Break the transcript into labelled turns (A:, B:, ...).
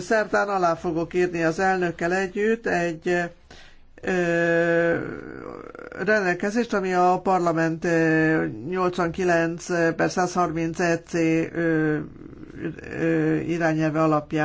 A: szerdán alá fogok írni az elnökkel együtt egy rendelkezést, ami a parlament 89 per 130 EC irányelve alapján